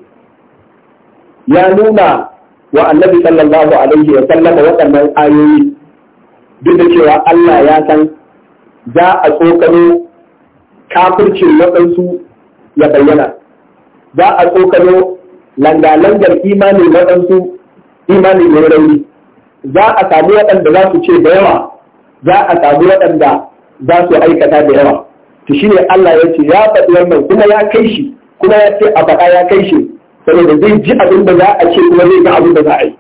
Speaker 1: ya nuna wa annabi sallallahu alaihi wa sallama waɗannan ayoyi duk da cewa Allah ya san za a tsokano kafircin waɗansu ya bayyana za a tsokano langa langa-langar imanin waɗansu imanin ya rauni za a samu waɗanda za su ce da yawa za a samu waɗanda za su aikata da yawa to ne Allah ya ce ya faɗi wannan kuma ya kai shi kuma ya ce a faɗa ya kai shi saboda zai ji abin da za a ce kuma zai ga abin da za a yi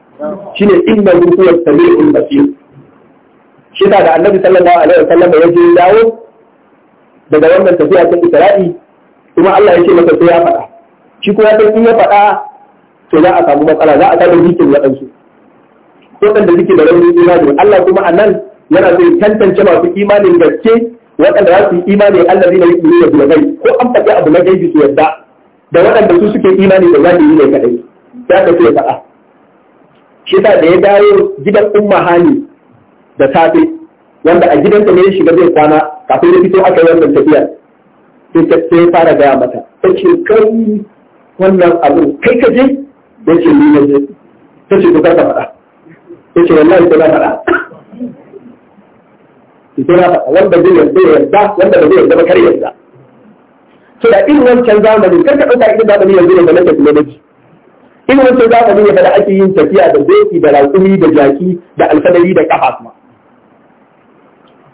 Speaker 1: shine inna huwa samiul basir shi da annabi sallallahu alaihi wasallam ya je dawo daga wannan tafiya ta Isra'i kuma Allah ya ce masa sai ya faɗa shi kuma sai in ya faɗa to za a samu matsala za a samu rikin waɗansu waɗanda suke da rauni imani Allah kuma a nan yana so tantance masu imanin gaske waɗanda za su yi imani Allah zai yi da gulagai ko an faɗi abu na gaibi su yadda da waɗanda su suke imani da za yi ne kaɗai za ka ce faɗa shi da ya dawo gidan umma hani da safe wanda a gidanta ne ya shiga zai kwana kafin da fito aka wannan tafiyar sai ta sai fara gaya mata ta ce kai wannan abu kai ka je da ce ni na je ta ce to karka faɗa Ta ce wallahi ko na faɗa ita na faɗa wanda zai yarda yarda wanda ba zai yarda ba kar yarda to da irin wancan zamanin ka ɗauka irin zamanin yanzu ne da na technology irin wancan zamanin ya da ake yin tafiya da zoki da raƙumi da jaki da alfadari da ƙafa kuma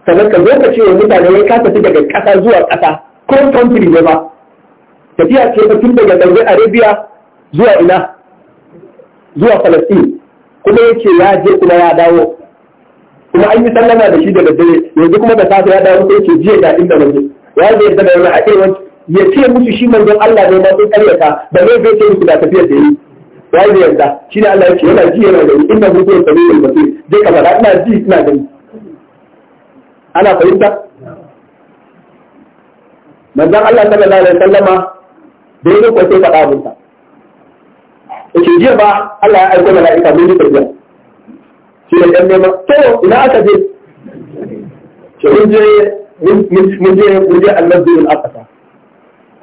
Speaker 1: sannan ka lokaci wa mutane ya kasa fi daga ƙasa zuwa ƙasa ko country ne ba tafiya ce ta tun daga Saudi Arabia zuwa ina zuwa Palestine kuma yake ya je kuma ya dawo kuma an yi sallama da shi da daddare yanzu kuma da safe ya dawo sai ce jiya da inda mun ya zai da wani a wani ya ce musu shi manzon Allah ne ma sun karyata ba zai zai ce musu da tafiya da yi ya je yarda shi ne Allah ya ce yana ji yana gani inda mun zai sabi da basir zai kaza ina ji ina gani ana fahimta manzon Allah sallallahu alaihi wasallama da yake ko sai faɗa abinta yake jiya ba Allah ya aika mala'ika mun yi tafiya shi da dan nema to ina aka je to mun je mun je mun je al-masjid al-aqsa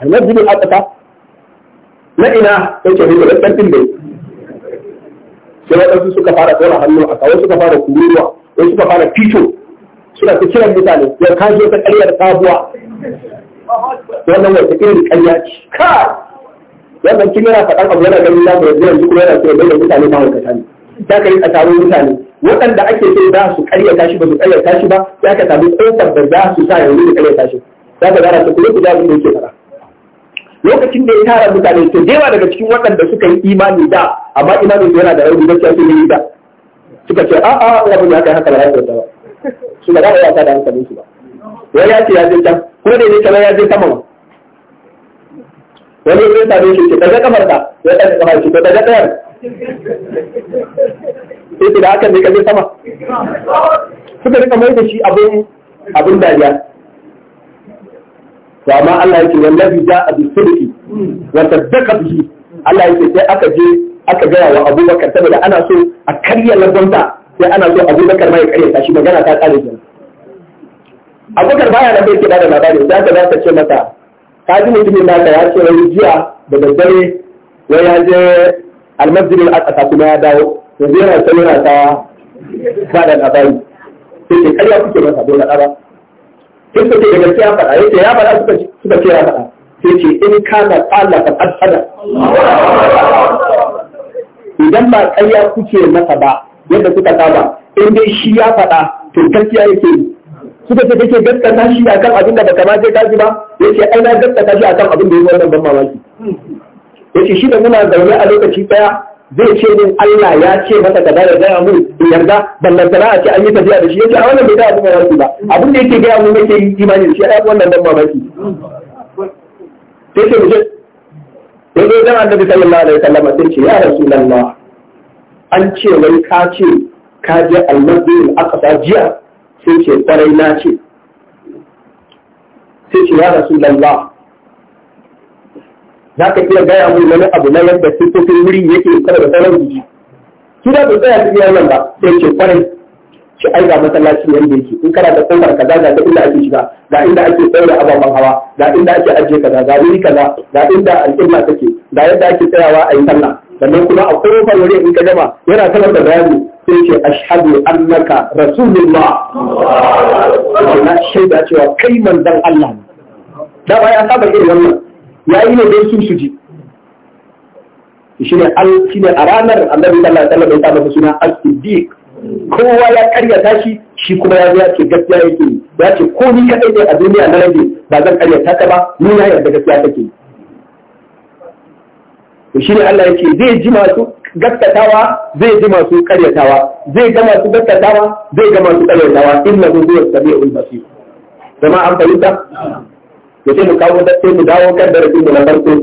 Speaker 1: al-masjid al-aqsa na ina yake ne da tantin dai sai wadansu suka fara tsora hannu a kawai suka fara kururuwa wasu suka fara fito suna ta kiran mutane ya kaso ta ƙaryar sabuwa wannan wata irin ƙarya ce ka wannan kin yana faɗan abu yana ganin lamu yanzu yanzu kuma yana cewa dole mutane ma hankata ne ta kai a taron mutane waɗanda ake so za su ƙaryata tashi ba su ƙaryata tashi ba ya ka sami ƙofar da za su sa yanzu da ƙaryata tashi. za ka gara su kuma ku da abin da yake faɗa lokacin da ya tara mutane to dewa daga cikin waɗanda suka yi imani da amma imanin su yana da rauni gaskiya su yi da suka ce a'a wani ya kai haka ba za su ba su ba za a yi wasa da hankalin su ba wani ya ce ya je can ko da ne kamar ya je sama ba. wani ya same shi ce kaga kamar ka ya ɗaga kamar shi ko kaga kayar
Speaker 2: sai su da haka ne kaje sama
Speaker 1: suka rika mai da shi abin abin dariya to amma Allah ya ce yake wallahi da abi sulki wa tadaka bihi Allah ya ce sai aka je aka gaya wa Abubakar saboda ana so a karya lagonta sai ana so abubakar ma ya karyata shi magana ta kare shi abubakar baya nan bai ke da labari za ka za ka ce mata ka ji mutumin naka ya ce wani jiya da daddare wai ya je almasjidin al'asa kuma ya dawo yanzu yana sai yana ta ba da labari sai ke karya kuke masa bai naɗa ba sai suke ce da gaskiya faɗa yake ya faɗa suka ce ya faɗa sai ce in kana tsala ka tsada? idan ba karya kuke masa ba yadda suka saba in dai shi ya faɗa to gaskiya yake yi suka ce kake gaskata shi akan abin da baka ma je kaji ba yace ai na gaskata shi akan abin da yake wannan ban mamaki yace shi da muna zaune a lokaci daya zai ce min Allah ya ce masa kaza da gaya mu in ballan ballantana a ce an yi tafiya da shi yace a wannan bai da abin mamaki ba abin da yake gaya mu yake yi imani shi ai wannan ban mamaki sai ce mu je sai dan Annabi sallallahu alaihi wasallam sai ce ya rasulullah an ce wai ka ce ka je aka sa jiya sai ce kwarai na ce sai ce ya rasulullah za ka iya gaya mu wani abu na yadda sifofin wuri yake kada da sauran jiki Su da bai tsaya cikin nan ba sai ce kwarai shi ai ga masallaci yanda yake in kana da kofar kaza ga da inda ake shiga ga inda ake tsaye ababen hawa ga inda ake ajiye kaza ga wuri kaza ga inda al'umma take ga yadda ake tsayawa a yi sallah sannan kuma a kofar wuri in ka gama yana sanar da bayani sai ce ashhadu annaka rasulullah na shaida cewa kai manzon Allah ne da ba ya saba irin wannan yayi ne don su su ji Shi ne a ranar annabi sallallahu alaihi wasallam ya saba suna as-siddiq kowa ya karyata shi shi kuma ya ya ce gaskiya yake ya ce ko ni kaɗai ne a duniya na rage ba zan karyata ka ba ni na yarda gaskiya take to shi ne Allah yake zai ji masu gaskatawa zai ji masu karyatawa zai ga masu gaskatawa zai ga masu karyatawa inna hu huwa samiul basir kuma an fahimta to sai mu kawo da sai mu dawo kan darasin mu na farko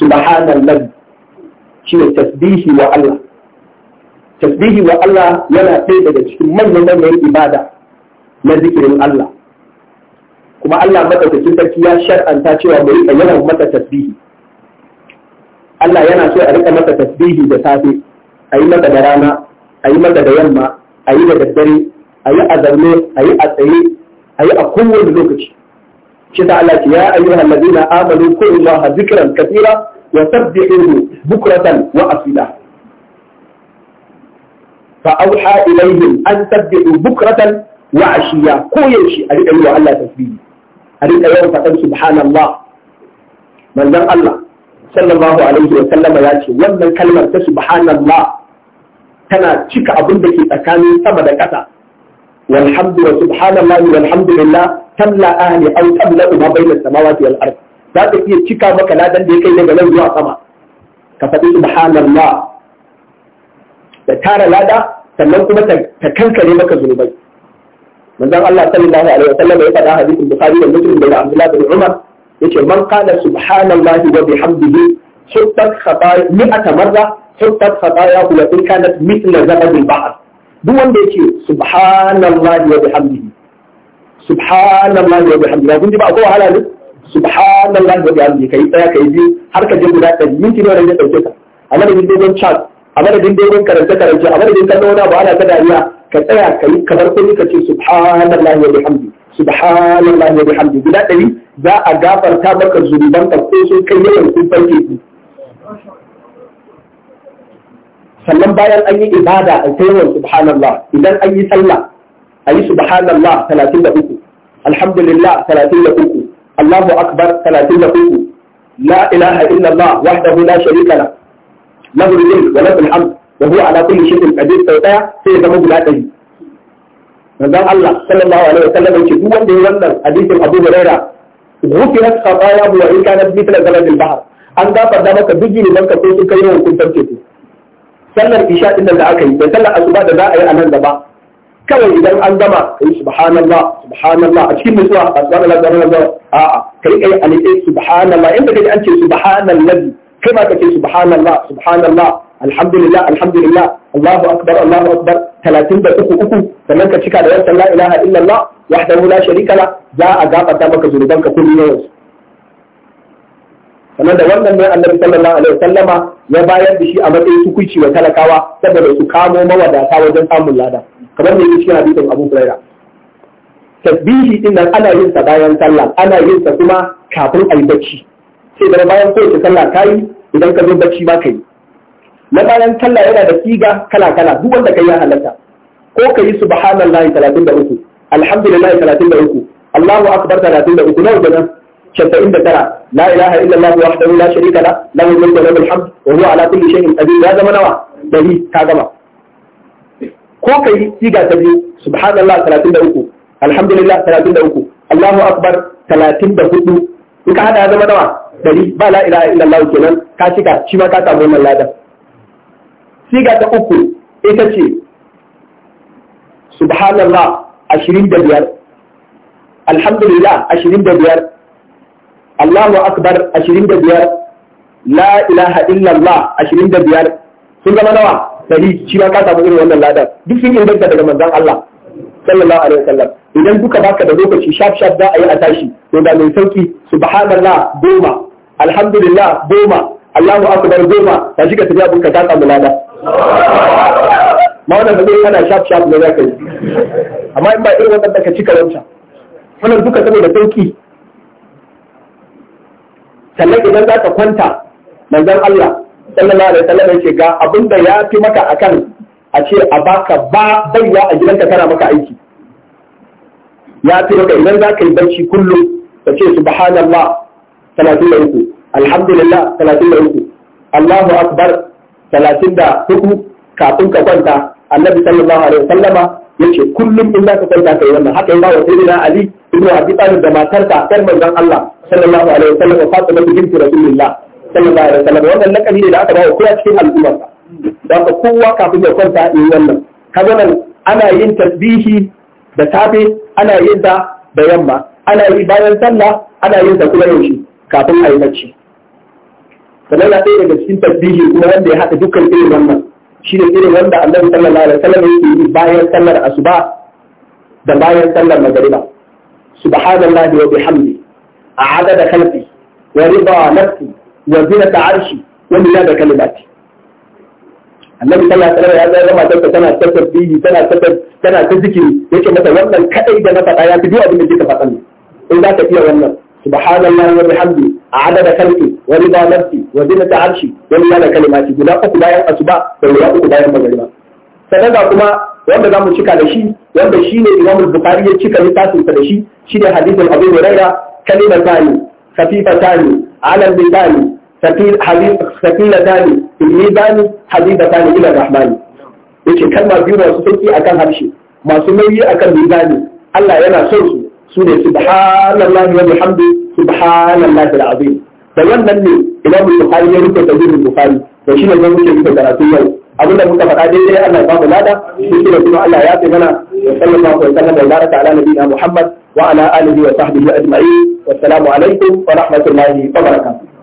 Speaker 1: subhanallahi shi ne tasbihi wa Allah tasbihi wa Allah yana ɗaya daga cikin manyan manyan ibada na zikirin Allah kuma Allah madaukakin sarki ya shar'anta cewa mu rika yawan masa tasbihi Allah yana so a rika mata tasbihi da safe a yi masa da rana a yi masa da yamma a yi da daddare a yi a a yi a tsaye a yi a kowane lokaci shi ta Allah ce ya ayyuha allazina amanu qul allaha zikran katira wa sabbihuhu bukratan wa asila fa auha ilaihim an sabbihu bukratan wa ashiya ko yaushe a riƙa yi wa Allah tasbihi a riƙa yawan faɗan subhanallah manzon Allah sallallahu alaihi wa sallama ya ce wannan kalmar ta subhanallah tana cika abin ke tsakanin sama da ƙasa والحمد وسبحان الله والحمد لله تملا اهلي او تملا ما بين السماوات za ta iya cika maka ladan da ya kai daga nan zuwa sama ka faɗi subhanallah da tara lada sannan kuma ta kankare maka zunubai manzon Allah sallallahu alaihi wasallam ya faɗa hadisin Bukhari da Muslim daga Abdullah bin Umar yace man qala subhanallahi wa bihamdihi hubbat khataya mi'ata marra hubbat khataya wa in kanat mithla zabadil bahr duk wanda yace subhanallahi wa bihamdihi subhanallahi wa bihamdihi kun ji ba ko wahala ne subhanallahi wa bihamdihi kai tsaya kai biyu har ka je guda 100 minti ne da ya dauke ka amma da dogon a madadin dogon karanta karanta a madadin kallon wani abu ana ta dariya ka tsaya ka yi kamar kun ka ce subhanallahi wa bihamdi subhanallahi wa bihamdi guda ɗari za a gafarta maka zunuban ka ko sun kai yawan kun farke ku sannan bayan an yi ibada a yawan subhanallah idan an yi sallah a yi subhanallah talatin da uku alhamdulillah talatin da uku allahu akbar talatin da uku la ilaha illallah wahdahu la sharika lahu lahu al-mulk wa lahu al-hamd wa huwa ala kulli shay'in qadir sai daya sai ya zama guda ɗari manzon Allah sallallahu alaihi wa sallam yake duk wanda ya wannan hadisin Abu Huraira ghufirat khataaya wa in kanat mithla zalal al-bahr an gafarta maka duk gilimin ka ko sun kai yawan kuntar teku sallar isha din da aka yi bai sallar asuba da za a yi a nan gaba kawai idan an gama kai subhanallah subhanallah a cikin mutuwa nutsuwa subhanallah subhanallah a'a kai kai alike subhanallah inda kaje an ce subhanallahi kai ma ce subhanallah subhanallah alhamdulillah alhamdulillah Allahu akbar Allahu akbar 33 uku sannan ka cika da wannan la ilaha illallah wahdahu la sharika la za a gabata maka zunuban ka kullu yau sannan da wannan ne Annabi sallallahu alaihi wasallama ya bayar da shi a matsayin tukuici wa talakawa saboda su kamo mawadata wajen samun lada kamar da yake cikin hadisin Abu Hurairah tasbihi din nan ana yin sa bayan sallah ana yin sa kuma kafin ayi bacci sai da bayan kowace sallah ka yi idan ka zo bacci ba ka yi na bayan sallah yana da siga kala kala duk wanda ka yi halatta ko ka yi subhanallahi 33 alhamdulillahi 33 Allahu akbar 33 nawa kenan 99 la ilaha illallah wahdahu la sharika la lahu mulku wa lahu wa huwa ala kulli shay'in qadir ya zama nawa dari ka gama ko ka yi siga ta biyu subhanallah 33 alhamdulillah 33 Allahu 34 in ka hada ya zama nawa ɗari ba la ilaha illallah kenan ka cika shi ma ka samu wannan ladan siga ta uku ita ce subhanallah ashirin da biyar alhamdulillah ashirin da biyar allahu akbar ashirin da biyar la ilaha illallah ashirin da biyar sun zama nawa dari shi ma ka samu irin wannan ladan duk sun inganta daga manzon Allah sallallahu alaihi wasallam idan duka baka da lokaci shaf shaf za a yi a tashi to da mai sauki subhanallah goma alhamdulillah goma Allahu akbar goma ta shiga tafi abin ka kasa mulada ma wannan zai kana shaf-shaf ne zaka yi amma in ba irin wannan ka cika wancan wannan duka saboda sauki sannan idan za ka kwanta manzon Allah sallallahu alaihi wasallam yake ga abinda ya fi maka akan a ce a baka ba baiwa a gidanka kana maka aiki ya fi maka idan za ka yi barci kullum ka ce subhanallah talatin da uku alhamdulillah talatin da uku Allahu akbar talatin da hudu kafin ka kwanta annabi sallallahu alaihi wasallama ce kullum in za ka kwanta kai wannan haka yana bawa sayyidina ali ibnu abi talib da matarsa kar manzon Allah sallallahu alaihi wasallam Fatima binti Rasulillah sallallahu alaihi wasallam wannan lakabi ne da aka bawa kowa cikin al'umma da ka kowa kafin ya kwanta yi wannan kaga nan ana yin tasbihi da safe ana yin da da yamma ana yi bayan sallah ana yin da kuma yaushe kafin a yi bacci sannan na ɗaya daga cikin tasbihi kuma wanda ya haɗa dukkan irin wannan shi ne irin wanda annabi sallallahu alaihi wasallam yake yi bayan sallar asuba da bayan sallar magariba subhanallahi wa bihamdi a'adada khalqi wa rida nafsi wa zinata arshi wa milada kalimati annabi sallallahu alaihi wasallam ya zama matarsa tana ta tasbihi tana ta tana ta zikiri yake mata wannan kadai da na faɗa ya fi duk abin da kika faɗa ne in za ka iya wannan subhanallahi wa bihamdi adada kalbi wa rida nafsi wa zinata arshi wa liya kalimati guda uku bayan asuba da guda uku bayan magariba sannan kuma wanda za mu cika da shi wanda shi ne imam bukari ya cika littafinsa da shi shi ne hadisin abu huraira kalima tani kafifa tani alal bisani sakila tani ilmizani hadiza tani ila rahmani yace kalma biyu masu sauki akan harshe masu nauyi akan mizani Allah yana son su su ne subhanallahi wa su subhanallahi alazim da wannan ne imamu bukhari ya rubuta sahihul bukhari da shi ne zan muke rubuta karatu yau abinda muka faɗa daidai Allah ya bamu lada shi ne kuma Allah ya fi mana wa sallallahu alaihi wa sallam wa baraka ala nabiyina Muhammad wa ala alihi wa sahbihi ajma'in wa assalamu alaikum wa rahmatullahi wa barakatuh